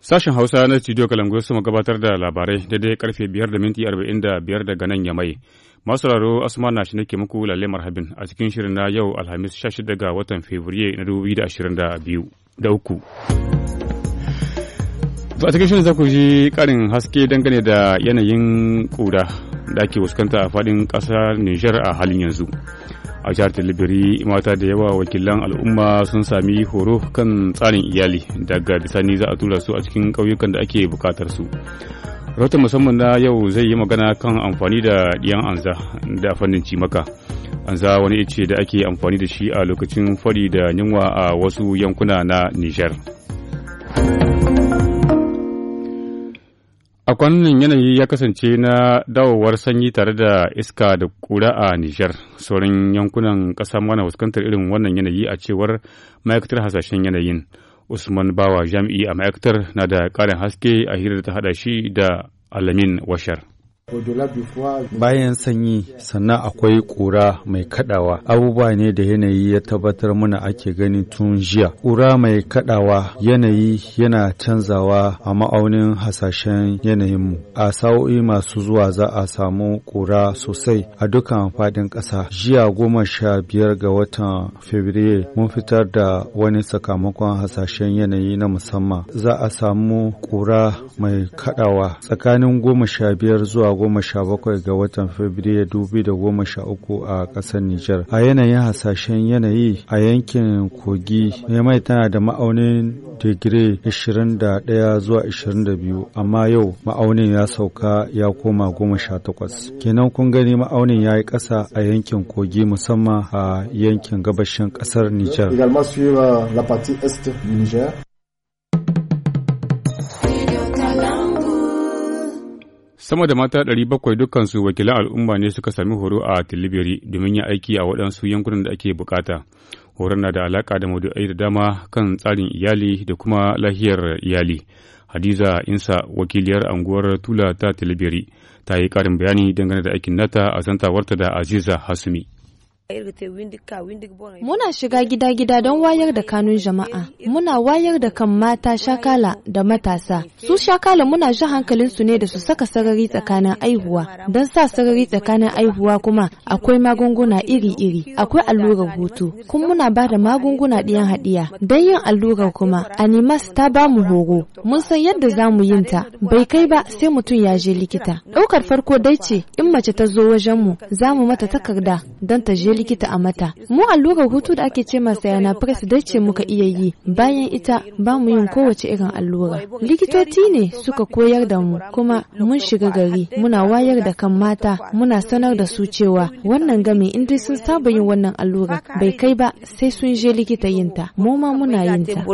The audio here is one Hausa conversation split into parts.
Sashen Hausa na Studio Kalangu suna gabatar da labarai daidai karfe 5 da minti 45 daga nan yamai. Masu raro Asma na shi nake muku lalle marhabin a cikin shirin na yau Alhamis 16 ga watan Fabrairu na 2022 da To a cikin shirin za ji karin haske dangane da yanayin ƙuda da ake fuskanta a fadin ƙasa Nijar a halin yanzu. A jihar Tilibiri mata da yawa wakilan al'umma sun sami horo kan tsarin iyali daga bisani za a tura su a cikin ƙauyukan da ake bukatar su. Rahoton musamman na yau zai yi magana kan amfani da ɗiyan anza da fannin cimaka. Anza wani ice da ake amfani da shi a lokacin fari da yunwa a wasu yankuna na Nijar. A kwanan yanayi ya kasance na dawowar sanyi tare da iska da kura a Nijar. Sauran yankunan ƙasa mana fuskantar irin wannan yanayi a cewar ma'aikatar hasashen yanayin. Usman Bawa jam'i a ma'aikatar na da ƙarin haske a hirar ta haɗa shi da Alamin Washar. Bayan sanyi sannan akwai ƙura mai kadawa abubuwa ne da yanayi ya tabbatar mana ake gani tun jiya. Ƙura mai kadawa yanayi yana canzawa a ma'aunin hasashen yanayinmu. A sa'o'i masu zuwa za a samu ƙura sosai a dukkan faɗin ƙasa. Jiya goma sha biyar ga watan Fabrairu mun fitar da wani sakamakon hasashen yanayi na musamman. Za a samu ƙura mai kadawa tsakanin goma sha biyar zuwa goma sha bakwai ga watan Fabrairu dubi da goma sha uku a ƙasar Nijar. A yanayin hasashen yanayi a yankin kogi, mai tana da ma'aunin digiri 21 zuwa 22, amma yau ma'aunin ya sauka ya koma goma sha takwas. Kenan kun gani ma'aunin ya yi ƙasa a yankin kogi musamman a yankin gabashin ƙasar Nijar. Sama da mata 700 dukansu wakilan al'umma ne suka sami horo a Tilibiri domin yin aiki a waɗansu yankunan da ake bukata. Horon na da alaƙa da maudu'ai da dama kan tsarin iyali da kuma lahiyar iyali. Hadiza Insa wakiliyar anguwar Tula ta Tilibiri ta yi ƙarin bayani dangane da aikin nata a zantawarta da Aziza Hasumi. Muna shiga gida-gida don wayar da kanun jama'a. Muna wayar da kan mata shakala da matasa. Su shakala muna ji hankalinsu ne da su saka sarari tsakanin aihuwa. Don sa sarari tsakanin aihuwa kuma akwai magunguna iri-iri. Akwai allurar hutu. Kuma muna ba da magunguna ɗiyan haɗiya. Don yin allurar kuma, Animas ta ba mu horo. Mun san yadda za mu yin ta. Bai kai ba sai mutum ya je likita. Ɗaukar farko dai ce in mace ta zo wajenmu za mu mata takarda don ta je likita a mata. Mu allurar hutu da ake ce masa yana dai ce muka iya yi bayan ita ba mu yin kowace irin allura. Likitoci ne suka koyar da mu kuma mun shiga gari muna wayar da kan mata muna sanar da su cewa wannan game in dai sun saba yin wannan allura bai kai ba sai sun je likita yinta mu ma muna yinta.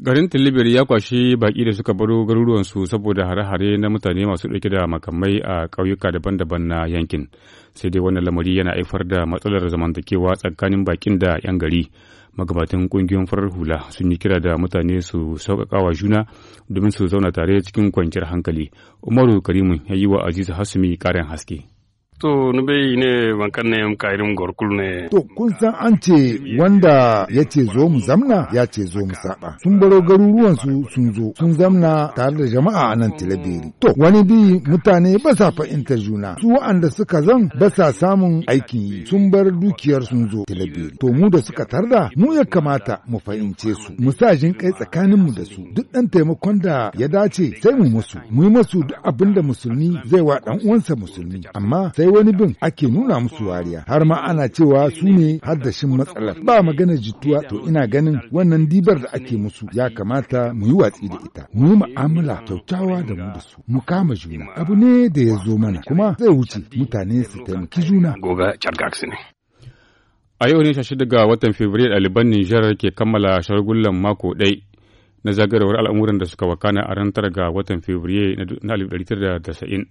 Garin Tilibir ya kwashi baƙi da suka baro garuruwansu saboda hare-hare na mutane masu ɗauke da makamai a ƙauyuka daban-daban na yankin. Sai dai wannan lamari yana haifar da matsalar zamantakewa tsakanin baƙin da 'yan gari. Magabatan ƙungiyoyin farar hula sun yi kira da mutane su sauƙaƙawa wa juna domin su zauna tare cikin kwanciyar hankali. Umaru Karimu ya yi wa Aziz Hasumi ƙarin haske. To ni bai ne bankan ne yam irin gorkul ne. To kun san an ce wanda ya ce zo mu zamna ya ce zo mu saba. Sun baro garuruwansu sun zo sun zamna tare da jama'a a nan Tilaberi. To wani bi mutane ba sa fahimtar juna. Su wa'anda suka zan ba sa samun aikin yi sun bar dukiyar sun zo Tilaberi. To mu da suka tarda mu ya kamata mu fahimce su. Mu sa jin kai tsakanin mu da su. Duk ɗan taimakon da ya dace sai mu musu. Mu yi musu duk abin da musulmi zai wa ɗan uwansa musulmi. Amma sai sai wani bin ake nuna musu wariya har ma ana cewa su ne haddashin matsalar ba magana jituwa to ina ganin wannan dibar da ake musu ya kamata mu yi watsi da ita mu yi mu'amala kyautawa da mu da su mu kama juna abu ne da ya zo mana kuma zai wuce mutane su taimaki juna gobe a yau ne 16 ga watan fabrairu ɗaliban nijar ke kammala shargullan mako ɗaya na zagarawar al'amuran da suka wakana a ran ga watan Fabriye na 1990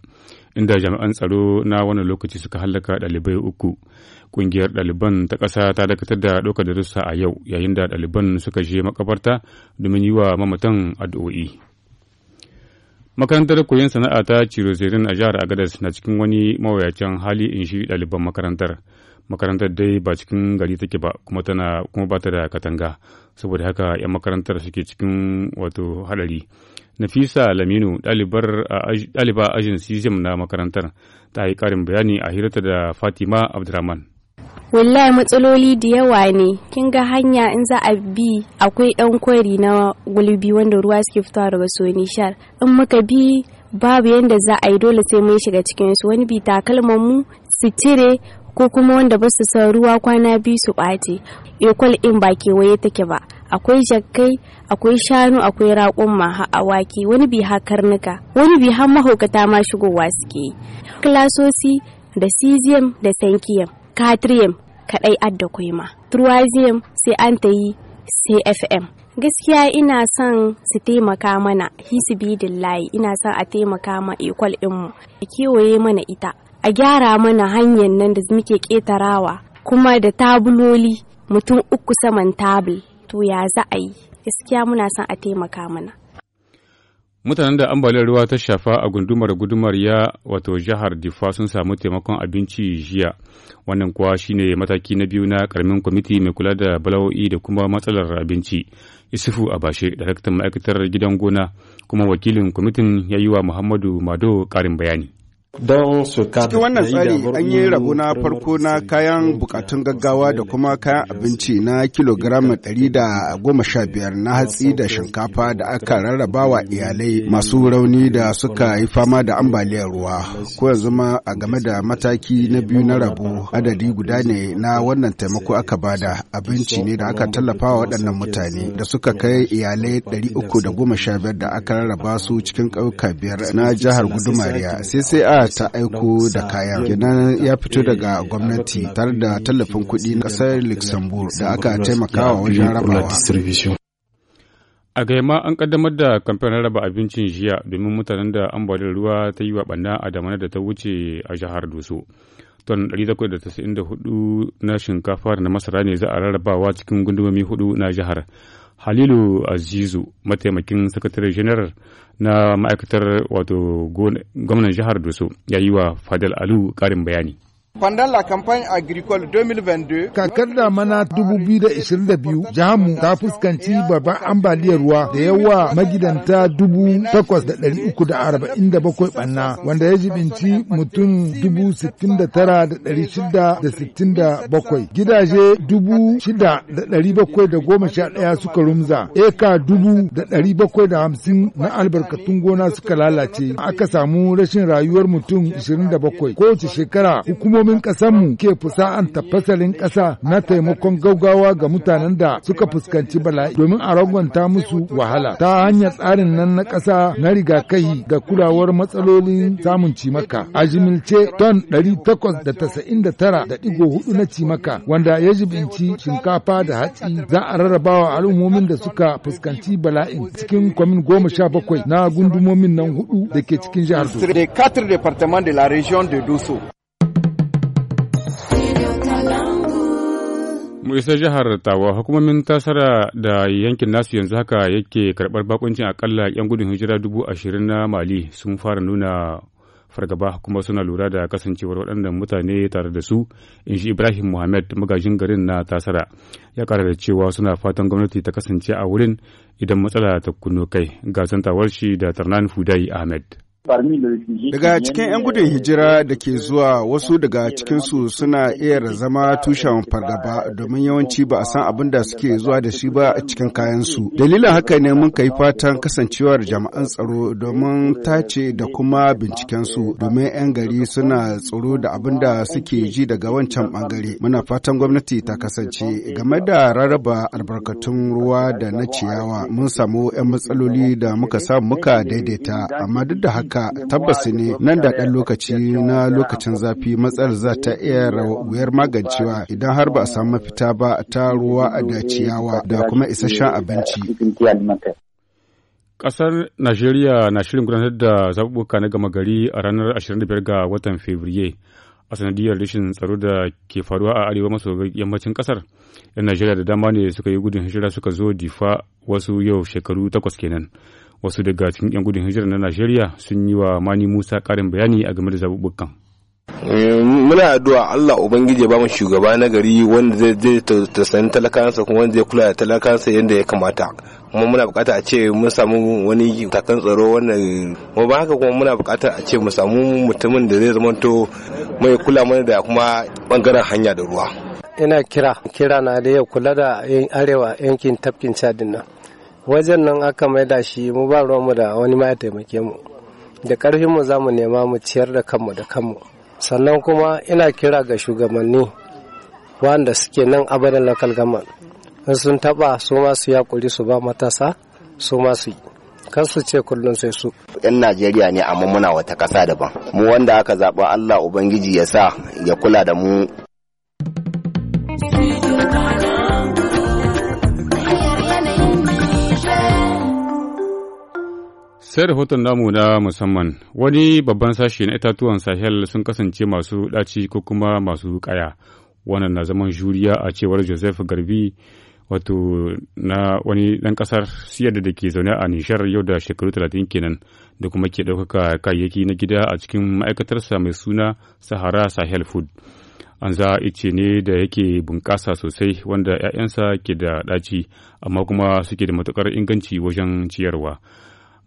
inda jami'an tsaro na wannan lokaci suka hallaka ɗalibai uku. Ƙungiyar ɗaliban ta ƙasa ta dakatar da ɗaukar darussa a yau yayin da ɗaliban suka je makabarta domin yi wa mamatan addu'o'i. Makarantar koyon sana'a ta ciro Cirozerin a jihar Agadas na cikin wani mawuyacin hali in shi ɗaliban makarantar. makarantar dai ba cikin gari take ba kuma tana kuma ba ta da katanga saboda haka 'yan makarantar suke cikin wato hadari nafisa laminu a ajin sisim na makarantar ta yi karin bayani a hirarta da fatima abdurrahman wallahi matsaloli da yawa ne kin ga hanya in za a bi akwai dan kwari na gulbi wanda ruwa suke fitowa daga shar in muka bi babu yadda za a yi dole sai mun shiga cikin su wani bi takalman mu su cire ko kuma wanda ba su san ruwa kwana biyu su ɓace ekol in ba kewaye take ba akwai jakkai akwai shanu akwai raƙumma ha awaki wani biha karnuka wani biha mahaukata ma shigowa suke klasosi da cesium da sankiyam katriyam kaɗai adda kwaima truazium sai an ta yi cfm gaskiya ina son su taimaka mana layi ina son a taimaka ma ikwal ɗinmu a kewaye mana ita a gyara mana hanyar nan da muke ƙetarawa kuma da tabuloli mutum uku saman tabul to ya za a yi gaskiya muna son a taimaka mana mutanen da ambaliyar ruwa ta shafa a gundumar gudumar ya wato jihar difa sun samu taimakon abinci jiya wannan kuwa shine mataki na biyu na karamin kwamiti mai kula da bala'o'i da kuma matsalar abinci isufu bashe daraktan ma'aikatar gidan gona kuma wakilin kwamitin ya yi wa muhammadu mado karin bayani don su cikin wannan tsari an yi rabu na farko na kayan bukatun gaggawa da kuma kayan abinci na kilogram 115 na hatsi da shinkafa da aka rarraba wa iyalai masu rauni da suka yi fama da ambaliyar ruwa ko yanzu ma a game da mataki na biyu na rabo adadi guda ne na wannan taimako aka bada abinci ne da aka tallafa wa waɗannan mutane da suka kai iyalai 315 da aka rarraba su cikin ƙauyuka biyar na jihar gudumariya sai sai a ta aiko da kayan. Kenan ya fito daga gwamnati tare da tallafin kuɗi ƙasar Luxembourg da aka taimakawa wajen rabawa. A gaima an kaddamar da kamfanin raba abincin jiya domin mutanen da ambaliyar ruwa ta yi wa banna a damanar da ta wuce a jihar Doso. Ton 794 na shinkafa da na masara ne za a rarrabawa cikin gundumomi hudu na jihar. Halilu Azizu mataimakin sakatare janar na ma'aikatar wato gwamnan jihar Doso ya yi wa Fadal Alu ƙarin bayani. Pendant la campagne agricole 2022, kakar damana 2022 jamu ta fuskanci babban ambaliyar ruwa da yawa magidanta 8,347 banna wanda ya jibinci mutum 69,667 gidaje 6,711 suka rumza eka hamsin na albarkatun gona suka lalace aka samu rashin rayuwar mutum 27 kowace shekara hukumomi hukumomin ƙasanmu ke fusa'anta fasalin ƙasa na taimakon gaugawa ga mutanen da suka fuskanci bala'i domin a ragwanta musu wahala ta hanyar tsarin nan na ƙasa na rigakahi da kulawar matsalolin samun cimaka. A jimilce ton 899.4 na cimaka wanda ya jibinci shinkafa da hatsi za a rarrabawa al'ummomin da suka fuskanci bala'in cikin kwamin goma sha bakwai na gundumomin nan hudu da ke cikin jihar Doso. mu isa jihar Tawa hukumomin tasara da yankin nasu yanzu haka yake karɓar bakuncin akalla 'yan gudun hijira dubu ashirin na Mali sun fara nuna fargaba kuma suna lura da kasancewar waɗannan mutane tare da su in shi Ibrahim Muhammad magajin garin na tasara ya ƙara da cewa suna fatan gwamnati ta kasance a wurin idan matsala ta kuno kai ga santawar shi da Tarnan Fudai Ahmed. Daga cikin 'yan gudun hijira da ke zuwa wasu daga cikinsu suna iya zama tushen fargaba domin yawanci ba a san abin da suke zuwa da shi ba a cikin kayansu. Dalilin haka ne mun kai fatan kasancewar jami'an tsaro domin tace da kuma bincikensu domin 'yan gari suna tsaro da abin da suke ji daga wancan bangare. Muna fatan gwamnati ta kasance game da rarraba albarkatun ruwa da na ciyawa mun samu 'yan matsaloli da muka samu muka daidaita amma duk da haka haka tabbas ne nan da ɗan lokaci na lokacin zafi matsalar za ta iya wuyar magancewa idan har ba a samu mafita ba ta ruwa da ciyawa da kuma isasshen abinci. Ƙasar Najeriya na shirin gudanar da zaɓuɓɓuka na gama gari a ranar 25 ga watan Fabriye a sanadiyar rashin tsaro da ke faruwa a arewa maso yammacin kasar yan najeriya da dama ne suka yi gudun hijira suka zo difa wasu yau shekaru takwas kenan wasu daga cikin 'yan gudun hijira na najeriya sun yi wa mani musa karin bayani a game da zaɓuɓɓukan eh, muna addu'a Allah ubangiji ba mu shugaba na gari wanda zai je tausayin talakansa kuma wanda zai kula da talakansa yadda ya kamata kuma muna bukata a ce mun samu wani takan tsaro wannan mu ba haka kuma muna bukatar a ce mu samu mutumin da zai zamanta mai kula mana da kuma bangaren hanya da ruwa ina kira kira na da ya kula da arewa yankin tafkin chadin nan wajen nan aka maida shi mu ba mu da wani ma ya taimake mu da ƙarfinmu za mu nema mu ciyar da kanmu da kanmu sannan kuma ina kira ga shugabanni wanda suke nan a abadan local government in sun taɓa su ma su yaƙuri su ba matasa su ma su yi kan su ce kullum sai su yan najeriya ne amma muna wata ƙasa daban mu wanda aka zaɓa allah ubangiji ya sa ya kula da mu sai rahoton namu na musamman wani babban sashi na itatuwan sahel sun kasance masu ɗaci ko kuma masu ƙaya wannan na zaman juriya a cewar joseph garbi wato na wani ɗan ƙasar siyar da ke zaune a nishar yau da shekaru talatin kenan da kuma ke ɗaukaka kayayyaki na gida a cikin ma'aikatarsa mai suna sahara sahel food an za ice ne da yake bunƙasa sosai wanda 'ya'yansa ke da ɗaci amma kuma suke da matuƙar inganci wajen ciyarwa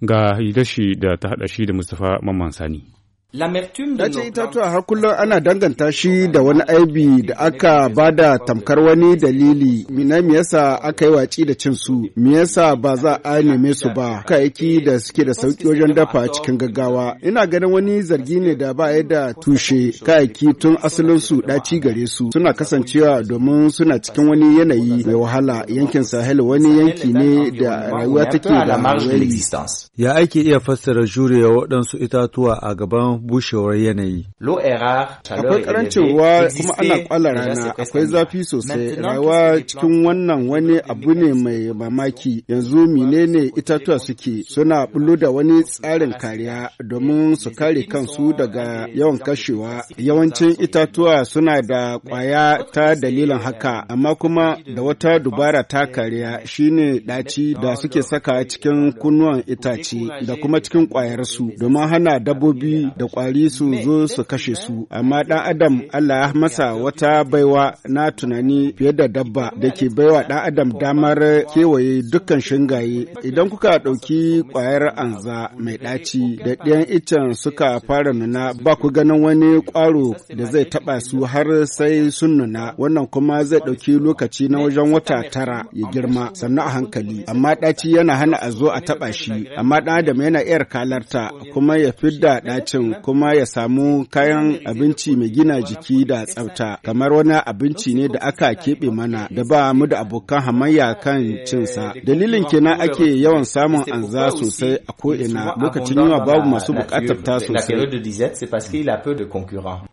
ga dashi da ta haɗa shi da Mustapha Mamman Sani. Dacin itatuwa har kullum ana danganta shi da wani aibi da aka ba da tamkar wani dalili na me yasa aka yi watsi da cin su me yasa ba za a neme su ba kayayyaki da suke da sauki wajen dafa cikin gaggawa ina ganin wani zargi ne da ba ya da tushe kayayyaki tun asalin su daci gare su suna kasancewa domin suna cikin wani yanayi mai wahala yankin Sahel wani yanki ne da rayuwa take da ya ake iya fassara jurewa waɗansu itatuwa a gaban bushewar yanayi. Akwai karancin ruwa kuma ana kwala rana akwai zafi sosai rayuwa cikin wannan wani abu ne mai mamaki yanzu menene itatuwa suke suna bulo da wani tsarin kariya domin su kare kansu daga yawan kashewa yawancin itatuwa suna da kwaya ta dalilin haka amma kuma da wata dubara ta kariya shine daci da suke saka cikin kunnuwan itace da kuma cikin kwayarsu domin hana dabbobi da kwari su zo su kashe su amma dan adam Allah ya masa wata baiwa na tunani fiye da dabba da ke baiwa dan adam damar kewaye dukkan shingaye idan kuka ɗauki kwayar anza mai ɗaci da ɗayan iccen suka fara nuna ba ku ganin wani kwaro da zai taɓa su har sai sun nuna wannan kuma zai ɗauki lokaci na wajen wata tara ya girma sannan a hankali amma ɗaci yana hana a zo a taɓa shi amma ɗan adam yana iya kalarta kuma ya fidda ɗacin kuma ya samu kayan abinci mai gina jiki da tsafta kamar wani abinci ne da aka keɓe mana da ba mu da abokan hamayya kan cinsa dalilin kenan ake yawan samun anza sosai a ko'ina lokacin yawa babu masu buƙatar ta sosai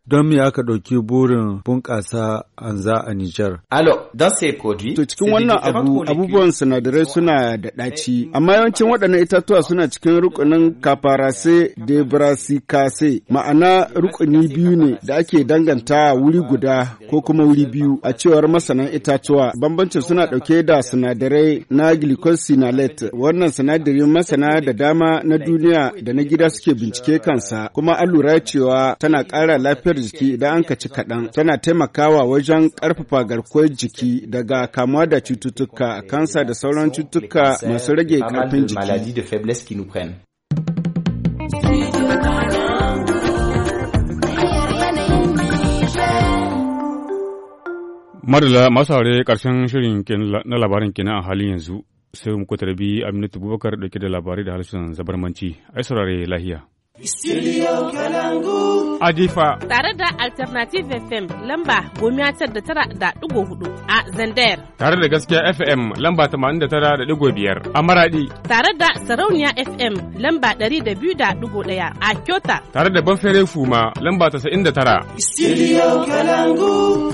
don me aka ɗauki burin bunƙasa anza a Nijar. Alo, don sai produit. To cikin wannan abu abubuwan sinadarai suna da ɗaci, amma yawancin waɗannan itatuwa suna cikin rukunin kafarase de brassicas se ma'ana rukuni biyu ne da ake danganta wuri guda ko kuma wuri biyu a cewar masanan itatuwa bambancin suna dauke da sinadarai na glycosinolate wannan sinadarin masana da dama na duniya da na gida suke bincike kansa kuma an lura cewa tana kara lafiyar jiki idan an kaci kaɗan tana taimakawa wajen ƙarfafa garkuwar jiki daga kamuwa da cututtuka kansa da sauran cututtuka masu rage ƙarfin jiki. Madala masu haure ƙarshen shirin na labarin kenan a halin yanzu sai mu tarbi Aminatu Bubakar dauke da labarai da harsunan zabarmanci. Ai saurare lahiya. Kalangu. Adifa. Tare da Alternative FM lamba gomiya tar da tara da ɗigo hudu a Zander. Tare da gaskiya FM lamba tamanin da tara da ɗigo biyar a Maradi. Tare da Sarauniya FM lamba ɗari da biyu da ɗigo ɗaya a Kyota. Tare da Banfere Fuma lamba tasa'in da tara. Studio Kalangu.